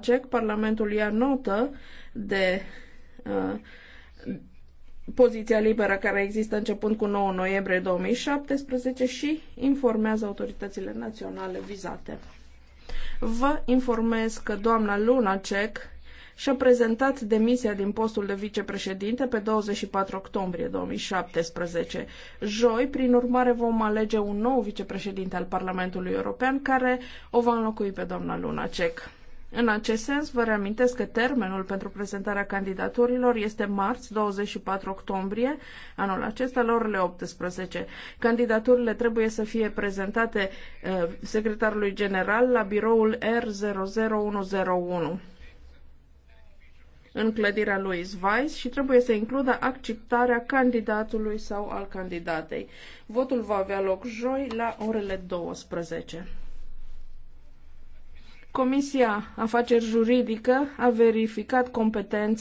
cec, Parlamentul ia notă de uh, poziția liberă care există începând cu 9 noiembrie 2017 și informează autoritățile naționale vizate. Vă informez că doamna Lunacek și-a prezentat demisia din postul de vicepreședinte pe 24 octombrie 2017. Joi, prin urmare, vom alege un nou vicepreședinte al Parlamentului European care o va înlocui pe doamna Lunacek. În acest sens, vă reamintesc că termenul pentru prezentarea candidaturilor este marți 24 octombrie anul acesta la orele 18. Candidaturile trebuie să fie prezentate uh, secretarului general la biroul R00101 în clădirea lui Weiss și trebuie să includă acceptarea candidatului sau al candidatei. Votul va avea loc joi la orele 12. Comisia Afaceri Juridică a verificat competența